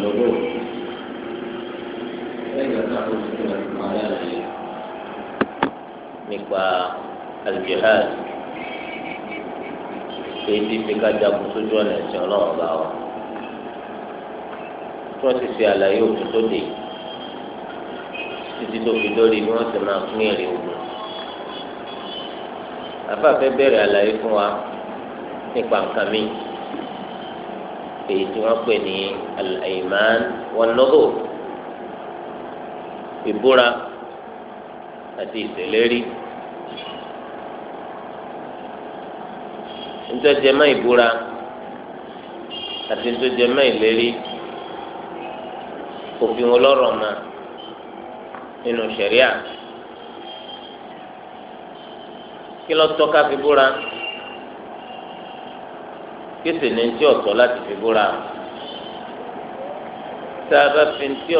الوضوء لما نحن كنا معلاني nípa aljihad èyí tí fi ká jagun sójú ọ̀nà ẹ̀sìn ọlọ́run bá wa tí wọ́n ti fi àlàyé òfin tó dé títí tó fi lórí bí wọ́n ti máa pín èrè ogun àfàfẹ́ bẹ̀rẹ̀ àlàyé fún wa nípa nǹkan mìíràn èyí tí wọ́n pè ní al-ayman wan-nudhur ìbúra àti ìtẹ̀lérí ntọ́jẹmọ́ ìbúra àti ntọ́jẹmọ́ ìlérí òfin wọn lọ́rọ̀ nínú ṣẹ̀ríà kí ló tọ́ka búra kéṣe ní ti ọ̀tọ̀ láti fi búra tá fi ti